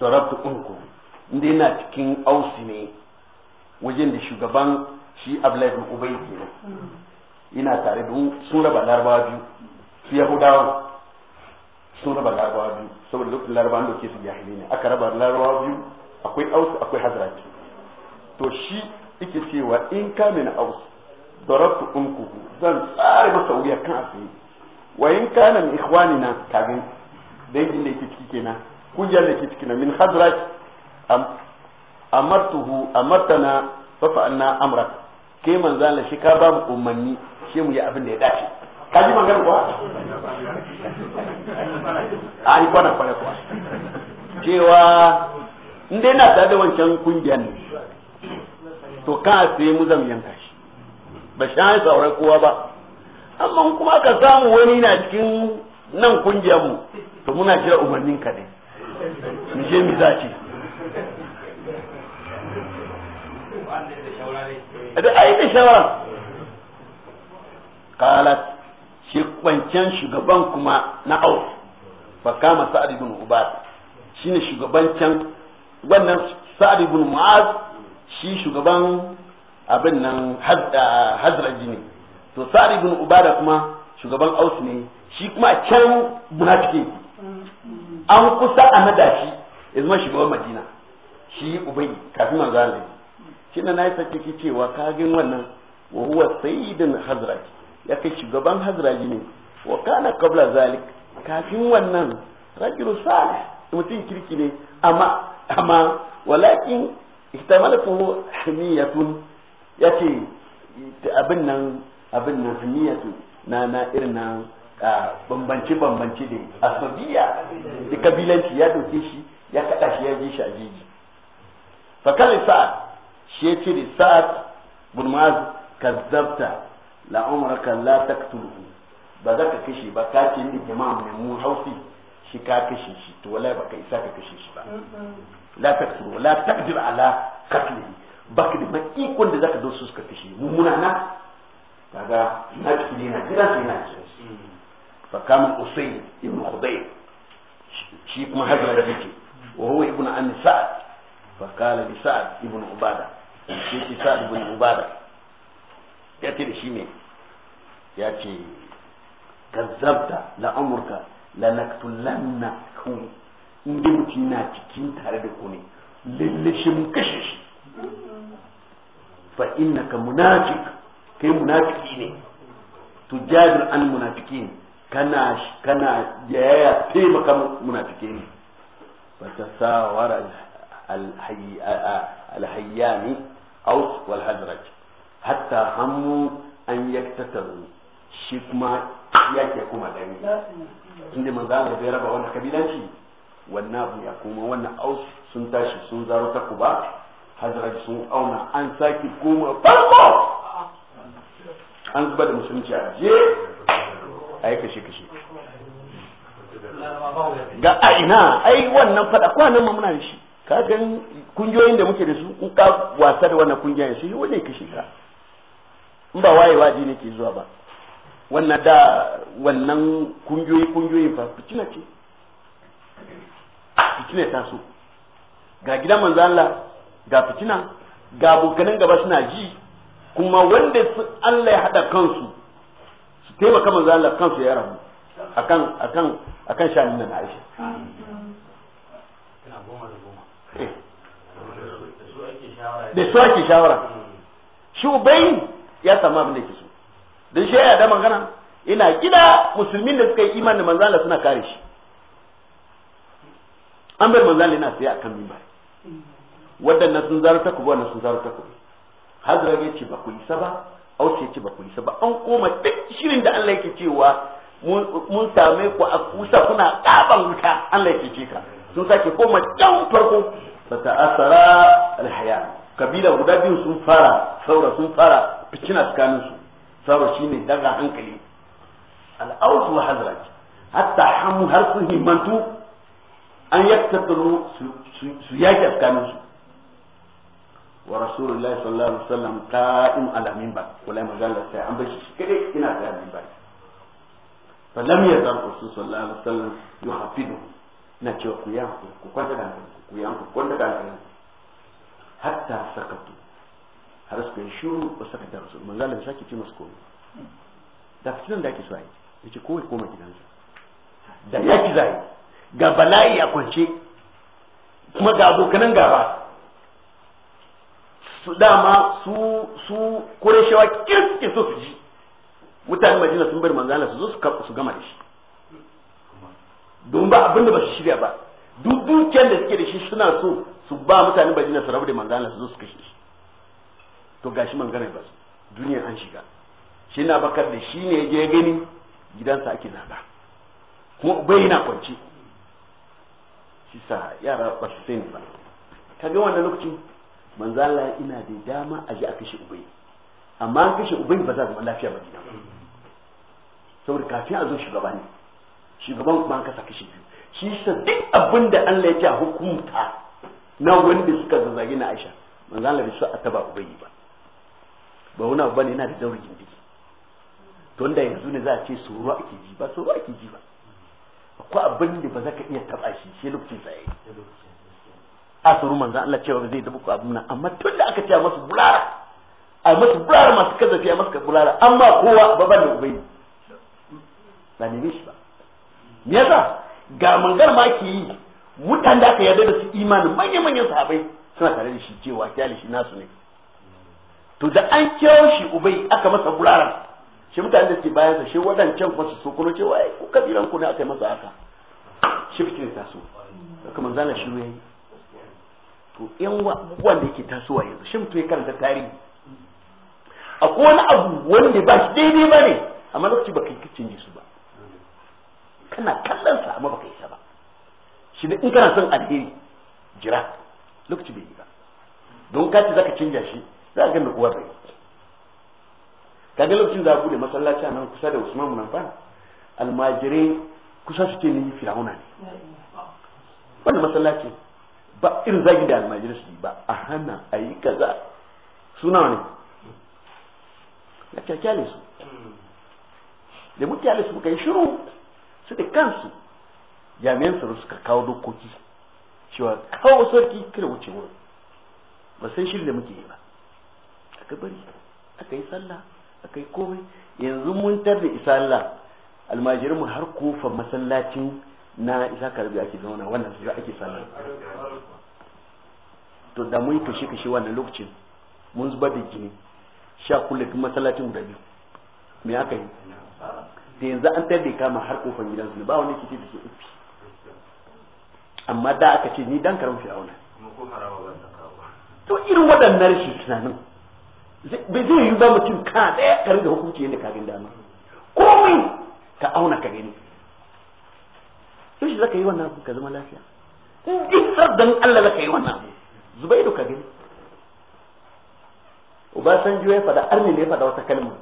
darabtu unku inda yana cikin ausi ne wajen da shugaban shi abdullahi bin ubay kenan ina tare da sun raba larabawa biyu su yahudawa sun raba larabawa biyu saboda lokacin larabawa an dauke su jahili ne aka raba larabawa biyu akwai aus akwai hazrat to shi yake cewa in ka min aus darabtu unkuhu zan tsare masa wuya kan afi wa in kana min ikhwanina kagin dangin da yake ciki kenan kungiyar da yake ciki na min hadraj amartuhu amartana fa anna amrak Ke man Allah shi ka ba mu umanni shi mu yi abin da ya dace ka ji magana kuwa a yi kwana kwana kuwa cewa in dai na tare da wancan kungiyar ne to ka sai mu zan yanka shi ba shi an sauran kowa ba amma kuma ka samu wani na cikin nan kungiyar mu to muna jira umarnin ka ne mu je mu zace da ai da shawara Kala shi kwancen shugaban kuma na au fa kama sa'ad ibn ubad shine shugaban can wannan sa'ad ibn mu'az shi shugaban abin nan hazraji ne to sa'ad ibn ubada kuma shugaban aus ne shi kuma a can munafiki an kusa a nada shi ya shugaban madina shi ubai kafin manzo Allah shi na nayi ki cewa gin wannan wa huwa sayyidun hazraji ya kai shugaban hazraji ne wa kana qabla zalik kafin wannan rajul salih mutum kirki ne amma amma walakin ihtamalatu himiyatun yace abin nan abin nan himiyatu na na irin nan bambance bambance da asabiya da kabilanci ya doke shi ya kada shi ya ji shi a jiji fa kalli sa'ad shi yace da sa'ad bin maz kazzabta la umraka la taqtuluhu ba za ka kashe ba ka ce ni jama'a mai mu hausi shi ka kashe shi to wallahi ba ka isa ka kashe shi ba la takfuru la taqdir ala qatlihi baka da ikon da zaka dosu suka kashe muna na kaga na cikin na jira sai na cikin fa kam usay ibn khudayb shi kuma da yake wa huwa ibn an sa'd fa qala li sa'd ibn ubada shi ki sa'd ibn ubada ya ce da shi ne? ya ce kazzabta la amurka la ku. in da mutum na cikin tare da ku ne lalle mun kashe shi fa innaka munafiq kai munafiki ne tujadil an munafiqin kana kana yaya taimaka munafiki ne fa tasawara alhayyani aus wal hadraj hatta hammu an yaktataru shi kuma ke kuma dani inda manzo bai raba wannan kabilanci wannan ya kuma wannan aus sun tashi sun zaro ta kuba hazrat sun auna an saki koma farko an zuba da musulunci a je a yi kashe kashe ga a ina ai wannan fada kwanan ma muna da shi ka gan kungiyoyin da muke da su in ka wasa da wannan kungiya shi wani kashe ka in ba wayewa ne ke zuwa ba wannan da wannan kungiyoyi kungiyoyi ba ku ce fitina ta so ga gidan manzo Allah ga fitina ga abokanan gaba suna ji kuma wanda Allah ya hada kansu su taimaka manzo Allah kansu ya rabu akan akan akan shanin nan Aisha eh. da su ake shawara shi ubayi ya samu abin da ke so don shi ya adama magana ina gida musulmin da suka yi imanin manzo Allah suna kare shi an bar manzan yana tsaye kan mimbar waɗannan sun zaro takobi wannan sun zaro takobi hazara ya ce ba ku isa ba auce ya ce ba ku isa ba an koma duk shirin da Allah yake cewa mun same ku a kusa kuna ƙaban wuta Allah yake ce ka sun sake koma can farko ta asara alhaya kabila guda biyu sun fara saura sun fara fitina tsakanin su saura shine daga hankali al'ausu wa hazrat hatta hamu har sun himmantu an yaktattaru su yaki afkanin su wa rasulullahi sallallahu alaihi wasallam qa'im ala minbar wallahi manzo sai an bar shi kade ina ga minbar fa lam yazal rasul sallallahu alaihi wasallam yuhafidu na ce ku yanku ku kwanta da ku ku yanku kwanta da ku hatta sakatu har su kai shiru ba saka da rasul manzo Allah sake ci masu komai da fitin da ake so a yi yace kowai koma gidansa da yaki zai ga bala'i a kwance kuma ga abokanan gaba su dama su su shawa kirki su su ji mutanen madina sun bari manzana su zo su gama da shi don ba abinda ba su shirya ba duk dukiyar da suke da shi suna so su ba mutanen madina su rabu da manzana su zo su kashe shi to gashi manzana ba su duniya an shiga shi na bakar da shi ne ya je gani gidansa ake zaba kuma bai yana kwance shi yara ba su sani ba kaga wannan lokacin manzo Allah ina da dama a ji a kashe ubai amma an kashe ubai ba za zama lafiya ba gida saboda kafin a zo shugaba ne shugaban kuma an kasa kashe biyu shi sa duk abin da Allah ya ce a hukunta na wanda suka zazzage na Aisha manzo Allah bai so a taba ubai ba ba wani abu bane yana da daurin gindi to wanda yanzu ne za a ce tsoro ake ji ba tsoro ake ji ba akwai abin da ba za ka iya taba shi shi lokacin sa yayi asaru manzo Allah cewa zai dabu ku abun nan amma tun da aka ce masa bulara a masa bulara masu kazafi a masa bulara amma kowa baban da ubai ba ne shi ba me yasa ga mangar ma ke yi mutan da aka yarda da su imanin manya-manyan sahabbai suna tare da shi cewa kyale shi nasu ne to da an kirawo shi ubai aka masa bularan shi mutane da ke bayan sa shi wadancan kuma su kuma cewa ai ku kabilan ku ne aka yi masa haka shi fitin taso haka manzala shi yi to yan abubuwan da yake tasowa yanzu shi mutu ya karanta tarihi akwai wani abu wanda ba shi daidai ba ne amma lokaci ba kai kicin su ba kana kallon sa amma ba yi sa ba shi in kana son alheri jira lokaci bai yi ba don kaci zaka canja shi za ka ga uwar bai kaga lokacin da bude masallaci nan kusa da Usman mun fa almajirai kusa suke ni Fir'auna ne wannan masallaci ba irin zagi da almajirai su ba a hana ayi kaza suna ne ya kyakkyale su da mutane su kai shiru su da kansu jami'an su suka kawo dokoki cewa kawo sarki kira wuce wurin ba san shirin da muke yi ba aka bari aka yi sallah akai komai yanzu mun tar da isa Allah almajirin mu har kofar masallacin na isa karbi ake zauna wannan su ake sallah to da mun kashe kashe wannan lokacin mun zubar da jini sha kullum kuma masallacin guda biyu me aka yi da yanzu an tar da kama har kofar gidansu ne ba wani kiti da ke uku. amma da aka ce ni dan karamin fir'auna to irin waɗannan rashin tunanin bai zai yi ba mutum ka ɗaya karin da hukunci yadda ka gani dama komai ka auna ka gani yau shi zaka yi wannan abu ka zama lafiya in har dan Allah zaka yi wannan abu zubairu ka gani uba san ya faɗa arni ne ya faɗa wata kalma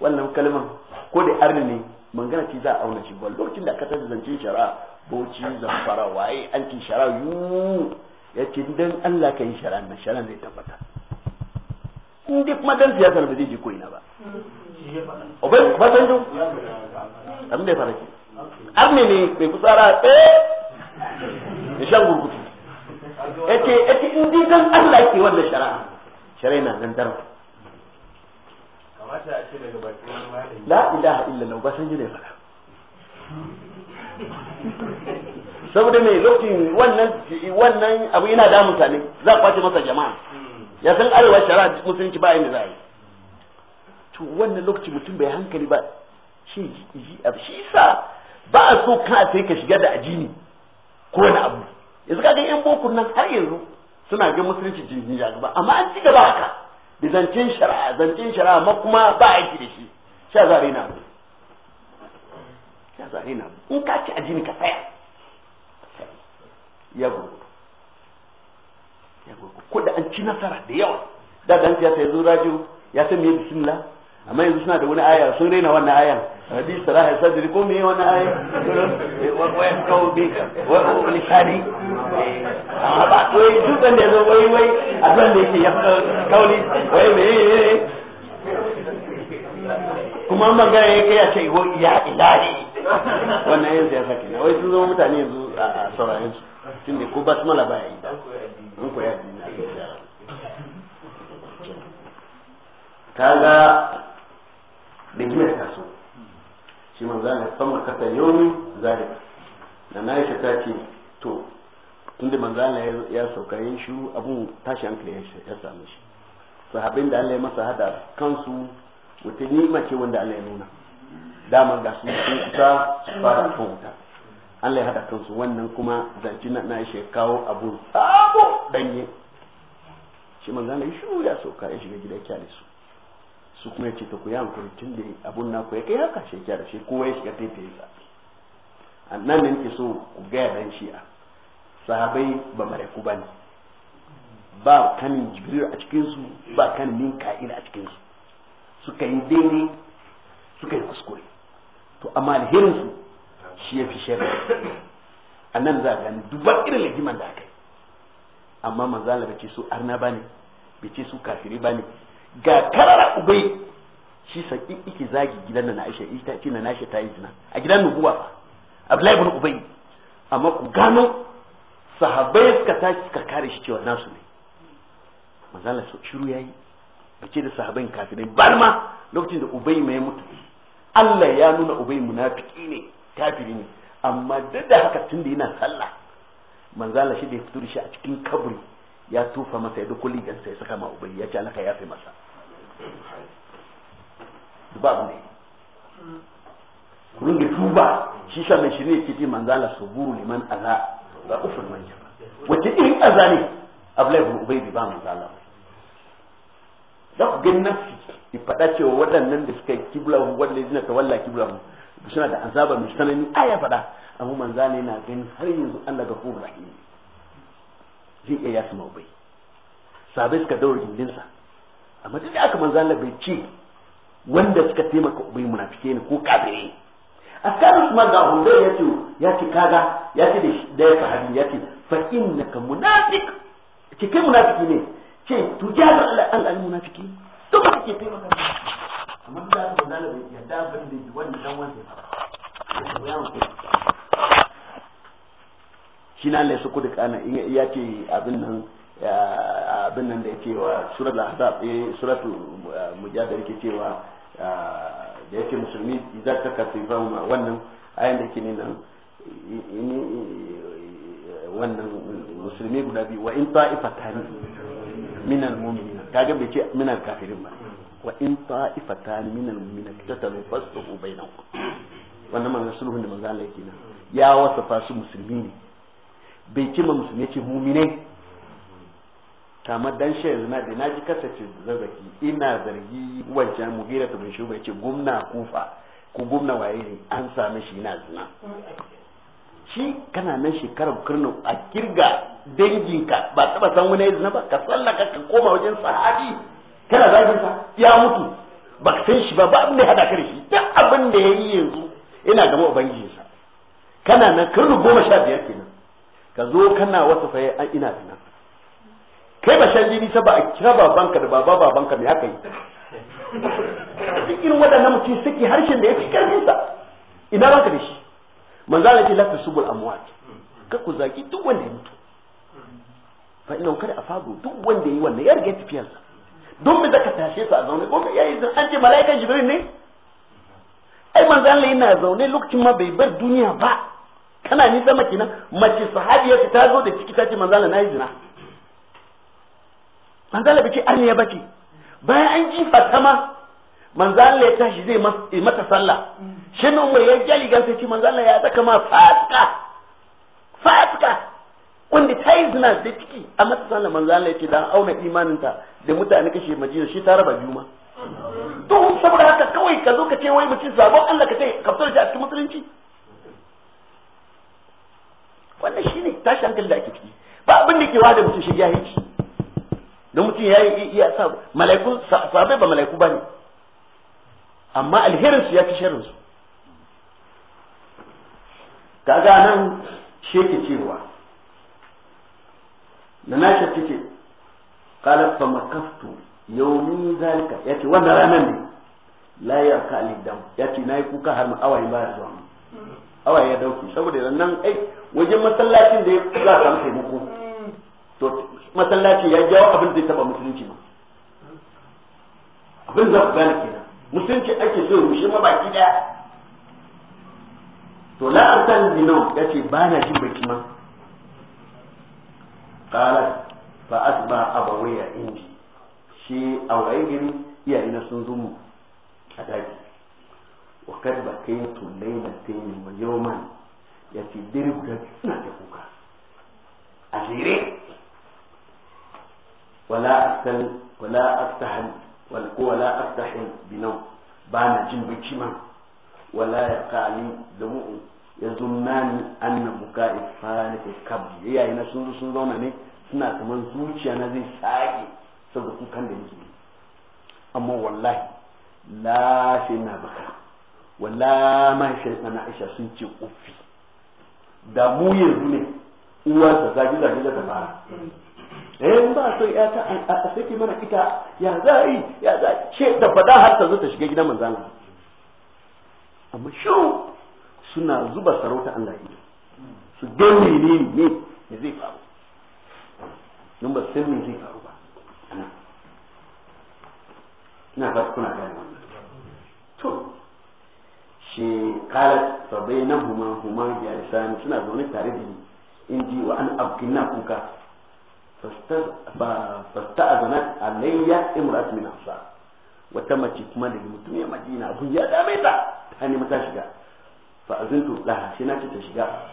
wannan kalman ko da arni ne mangana ce za a auna shi ba lokacin da aka ta zance shara boci zamfara waye an ki shara yu ya ce dan Allah ka yi shara na shara zai tabbata in duk kuma dan siyasa ba zai je ko ina ba obai ba san ju abin da ya fara ke arne ne mai kusara eh ya shan gurgutu yace yace in dai dan Allah ke wannan shari'a shari'a na nan daram la ilaha illallah ba san ju ne fara saboda mai lokacin wannan wannan abu yana damunsa ne za a kwace masa jama'a ya san arewa shari'a musulunci ba inda za a yi to wannan lokaci mutum bai hankali ba shi ji abu shi sa ba a so ka sai ka shiga da ajini ko wani abu yanzu ga yan boko nan har yanzu suna ga musulunci jini ya gaba amma an ci gaba haka da zancen shari'a zancen shari'a ma kuma ba a aiki da shi sha zare na abu sha zare na abu in ka ci ajini ka tsaya yabo ko da an ci nasara da yawa da dan siyasa ya zo rajiyo ya san me bismillah amma yanzu suna da wani aya sun raina wannan ayan hadi saraha sadri ko me wannan aya wa wa kau bi wa wa lisani eh, a ba to yi dukkan da yazo wai wai abin da yake ya kauli wai me kuma magana yake ya ce wa ya ilahi wannan yanzu ya sake wai sun zama mutane yanzu a saurayen su tunda ko basmala ba ya yi ba mun koya addini a da shi man za a yomi na yi ta to tunda manzo ya sauka yin shi abun tashi hankali ya samu shi sahabin da Allah masa hada kansu wata nima ce wanda Allah ya nuna dama ga su sun kusa fara kan wuta Allah ya haɗa kansu wannan kuma zanci na na shi kawo abu sabo danye shi manzo yi shi ya sauka ya shiga gida kyale su su kuma yace to ku yi hankali tun da abun na ku ya kai haka shi kyale shi kowa ya shiga taitaye sa annan ne nake so ku gaya dan shi'a sahabai ba malaiku ku ne ba kanin jibril a cikinsu ba kanin minka'il a cikinsu suka yi daidai suka yi kuskure to amma su shi ya fi shari a nan za a gani duban irin lagiman da aka yi amma manzala bai ce su arna ba ne bai ce su kafiri ba ne ga karara ubai shi sa iki zagi gidan na aisha ita ce na nashi ta yi jina a gidan nubuwa fa abdullahi bin ubai amma ku gano sahabbai suka tashi suka kare shi cewa nasu ne so shiru yayi bai ce da sahabbai kafirai ba ma lokacin da ubai mai mutu Allah ya nuna ubai munafiki ne kafiri ne amma duk da haka tun da yana sallah manzala shi da ya fito shi a cikin kaburi ya tufa masa ya dukkan ligan sai saka ma ubai ya ce alaka ya fi masa babu ne kun ga tuba shi sha mai shirye ke ji Allah suburu liman aza ba ufur manja wace irin aza ne abulai bin ubai bai ba manzala za ku gani nafi faɗa cewa waɗannan da suka yi kibla wanda ya zina ta walla kibla suna da azaba mai tsanani aya faɗa amma manza ne na gani har yanzu Allah ko rahim zai iya samu bai sabai suka daura gindinsa amma duk aka manza Allah bai ce wanda suka taimaka ubai munafike ne ko kafire askarin kuma ga hunde ya ce ya ce kaga ya ce da ya sahabi ya ce fa innaka munafiq ki kai munafiki ne ce to Allah an Allah al munafiki to ba kake taimaka amma da aka ba zala bai yarda da wani dan wanda ya fara shi na da kana ya ce abin nan abin nan da ya cewa suratul ahzab eh suratul eh, mujadala ke cewa eh, da yake musulmi idza takasifa wannan ayan da yake ne nan eh, wannan musulmi guda biyu wa in ta'ifatan minan mu'minin kaga bai ce minan kafirin ba wa in ta'ifatan min al-mu'minin tatalu fasduhu bainahum wannan manzon da manzo Allah kenan ya wasafa su musulmi ne bai kima musulmi yace mu'minai kama dan shi yanzu na da naji kasace zazzaki ina zargi mu mugira ta bishu shuba ce gwamna kufa ku gumna waye ne an same shi na zina shi kana nan shekarar kurnu a kirga danginka ba taba san wani zina ba ka sallaka ka koma wajen sahabi kana zagin sa ya mutu ba ka san shi ba ba abin da ya hada ka da shi duk abin da ya yi yanzu ina gama ubangijin sa kana nan karni goma sha biyar kenan ka zo kana wata sai an ina tana kai ba shan jini ba a kira babanka da baba babanka me haka yi duk irin waɗannan mutum suke harshen da ya fi karfin sa ina baka da shi manzo Allah ya ce la subul amwat ka ku zaki duk wanda ya mutu fa ina kada afago duk wanda yi wannan ya riga tafiyarsa don me zaka tashe su a zaune ko yayi zan an ce mala'ikan jibril ne ai manzo Allah yana zaune lokacin ma bai bar duniya ba kana ni sama kenan mace sahabiya ta zo da ciki ta ce manzo Allah nayi zina manzo Allah bace an ya bace bayan an ji fatama manzo Allah ya tashi zai mata sallah mm. shi ne umar ya jali gan sai ce manzo Allah ya saka ma fatka fatka wanda ta yi zina da ciki a matasa da manzo Allah yake da auna imaninta da mutane kashe majina shi ta raba biyu ma to saboda haka kawai ka zo ka ce wai mutum sabon Allah ka ce ka fito da a cikin musulunci wannan shine tashi hankali da ake ciki ba abin da ke wada mutum shi ya yi don mutum ya yi iya sa malaiku sabai ba malaiku ba ne amma alherinsu ya fi sharinsu su kaga nan shi ke cewa da na shi take kala fa makaftu yawmi zalika yace wannan ranan ne la ya ka alidam yace nayi kuka har awa yi ba zuwa awa ya dauki saboda nan ai wajen masallacin da za ka amsa muku to masallaci ya jawo abin da ya taba musulunci ba abin za ku gane kenan musulunci ake so rushe ma baki daya to la arsan dinon yace ba na jin baki ma qalat fa asba abawaya inji shi awaye gari na sun zumu a daji wa kad ba kai tu laila tayin wa yawman ya fi dare guda suna da kuka a wala astal wala astahal wal ko wala astahil binau ba na jin wala ya kabbi na sun sun zauna ne suna kamar zuciya na zai sage saboda kukan da yi amma wallahi la sai na baka walla ma shi na Aisha sun ce uffi da mu yanzu ne ta zagi zagi da eh, ba eh ba so ya ta a sake mana ita ya zai ya za ce da fada har ta zo ta shiga gidan manzana amma shu! suna zuba sarauta Allah ne su ga menene ne zai faru don ba san me zai faru ba ana ina ba kuna gane wannan to shi kala sabai na huma huma ya sani suna zaune tare da ni in ji wa an abkinna kuka fasta a alayya imrat min afsa wata mace kuma daga mutum ya madina abun ya dame ta ta ne mata shiga fa azintu laha shi na ce ta shiga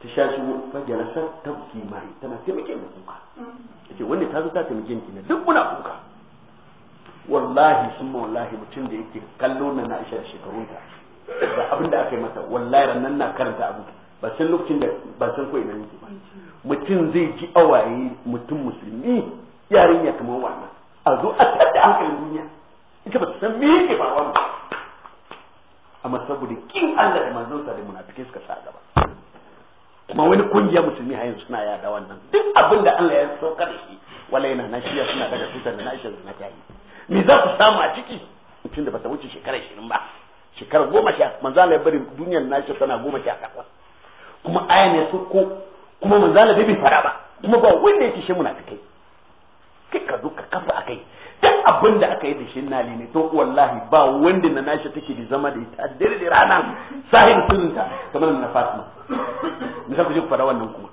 ta sha shigo fajalasar tabki mai tana taimake mu kuka mm. yace wanda ta zo ta taimake ni duk muna kuka wallahi summa wallahi mutum da yake kallo na na isha shekarun ta da abin da aka yi masa wallahi rannan na karanta abu ba san lokacin da ba san ko ina yake ba mutum zai ji awaye mutum musulmi yarinya kamar wannan a zo a tada hankalin duniya ita ba ta san me yake ba wannan amma saboda kin Allah da manzon sa da munafikai suka sa gaba kuma wani kungiya musulmi hayan suna yada wannan duk abin da Allah ya saukar da shi wala yana na shiya suna daga tutar da na aisha na ta yi me za ku samu a ciki mutum da bata wuce shekara 20 ba shekara goma sha manzo Allah ya bari duniyar nashi tana goma sha takwas kuma aya ne su ko kuma manzo Allah bai fara ba kuma ba wanda yake shi munafikai kai ka zo ka kafa akai duk abin da aka yi da shi nali ne to wallahi ba wanda na nashi take da zama da ita dare da rana sahin sunta kamar na Fatima ni za ku ji fara wannan kuma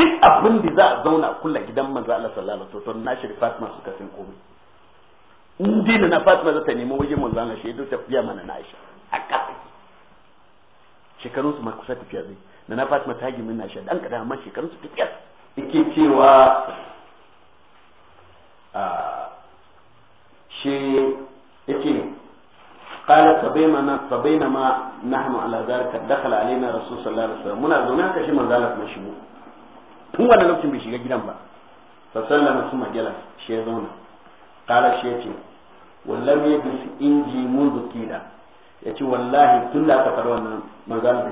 duk abin da za a zauna kula gidan manzo Allah sallallahu alaihi wasallam nashi da Fatima suka san komai in na Fatima za ta nemi wajen manzo Allah shi ta fiya mana nashi a kafa shekarun su ma kusa tafiya zai na na Fatima ta gimin nashi dan kada amma shekarun su tafiya yake cewa a ah, shi yake قال فبينما فبينما نحن على ذلك دخل علينا رسول صلى الله عليه وسلم muna zaune aka shi manzo Allah kuma shigo lokacin bai shiga gidan ba fa sallama kuma jala shi ya zauna qala shi yace inji wallahi tun da aka fara wannan manzo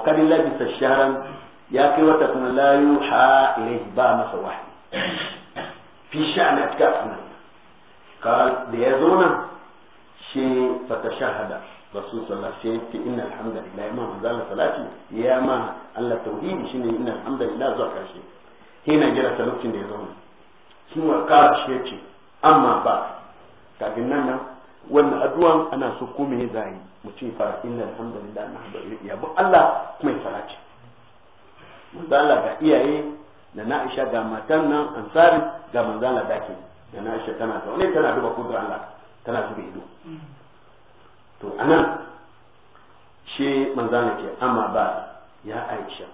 kafin ya kai wata kuma la yuha ilayhi ba masa wahyi fi sha'ani a cikin ka da ya zo nan shi fata shahada rasul sallallahu alaihi wasallam inna alhamdulillah ma manzala salati ya ma Allah tauhidi shine inna alhamdulillah zuwa karshe hina jira ta lokacin da ya zo nan shi wa kara shi yace amma ba kafin nan nan wannan addu'an ana so ko me za yi mu ce fa inna alhamdulillah nahmadu ya bu Allah kuma ya salati manzala ga iyaye da na aisha ga matan nan ansari ga manzala daki da na aisha tana zaune tana duba kudura Allah tana zuba ido to anan shi manzala ke amma ba ya aisha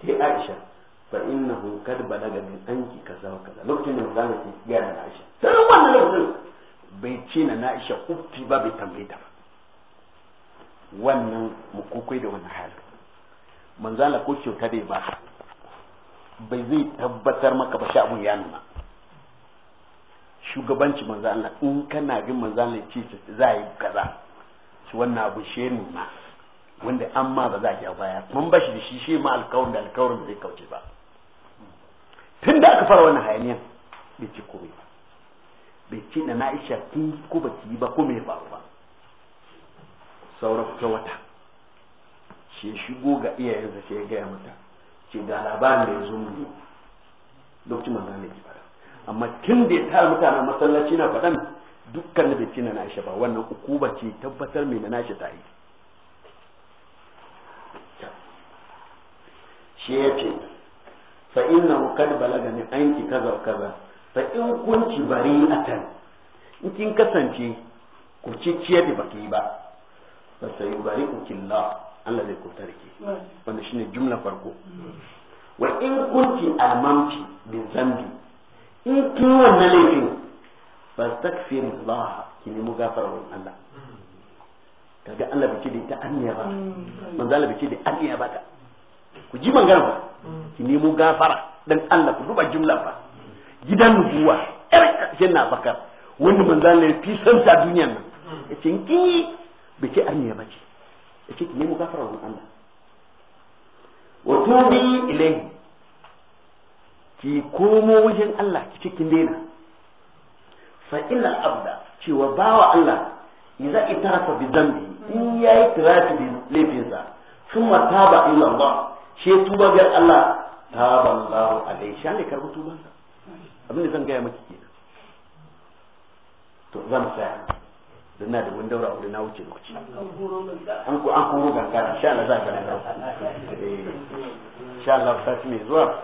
ke aisha fa innahu kad balaga min anki kaza wa kaza lokacin da manzala ke ga na aisha sai wannan lokacin bai ce na aisha ufti ba bai tambaye ta ba wannan mukukai da wannan hali manzala ko kyauta bai ba bai zai tabbatar maka ba sha abun ya nuna shugabanci manzo Allah in kana bin manzo Allah ce za yi kaza shi wannan abu she nuna wanda an ba za a baya mun ba shi da shi she ma alkawarin da alkawarin zai kauce ba tun da aka fara wannan hayaniyan bai ce ko ba bai ce na na isha ko ba ki yi ba ko me ba ba sauran ta wata shi shigo ga iyayensa shi ya gaya mata ce ga labarin da ya zo mu lokacin manzo ne ki fara amma tun da ya tara mutanen masallaci na faɗan dukkan da bai ci na nashi ba wannan ukuba ce tabbatar mai na nashi ta yi shi ya ce fa inna qad balaga min anki kaza kaza fa in kunti bari'atan in kin kasance ku ci ciye da baki ba fa sayubari'ukillah Allah zai kuta da ke wanda shine jumla farko wa in kunti almamti bi zambi in kin wannan laifin fastaghfir Allah ki nemi gafarar Allah kaga Allah bai ce da ita anniya ba hmm. manzo Allah bai ce da anniya ba ta ku ji magana ba hmm. ki nemo gafara dan Allah ku duba jumla ba gidan nubuwa yar na bakar wanda manzo Allah ya fi santa duniyar nan hmm. in kin bai ce anniya ba ce yake ki nemi gafara wa Allah wa tubi ilayhi ki komo wajen Allah ki cikin daina fa innal abda cewa bawa Allah idza itarafa bi dhanbi in yayi tirafi bi laifinsa thumma taba ila Allah she tuba ga Allah taba Allah alaihi shane karbu tubansa abin da zan gaya maki kenan to zan tsaya dana da wani daura aure na wuce lokaci an ku an koro gangara insha Allah za ka gangara eh, insha Allah sati mai zuwa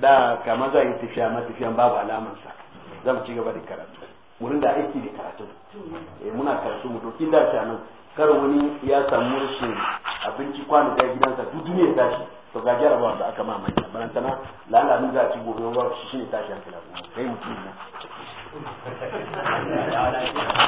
da kama za yi tafiya ma tafiyan babu alaman sa za mu ci gaba da karatu wurin da aiki da karatu eh, muna karatu mu doki da ta nan kar wani ya samu rashin abinci kwana da gidansa duk duniya ta shi to ga jarabawa da aka ma manya barantana mun za ci gobe wa shi ne tashi hankali kai mutum na.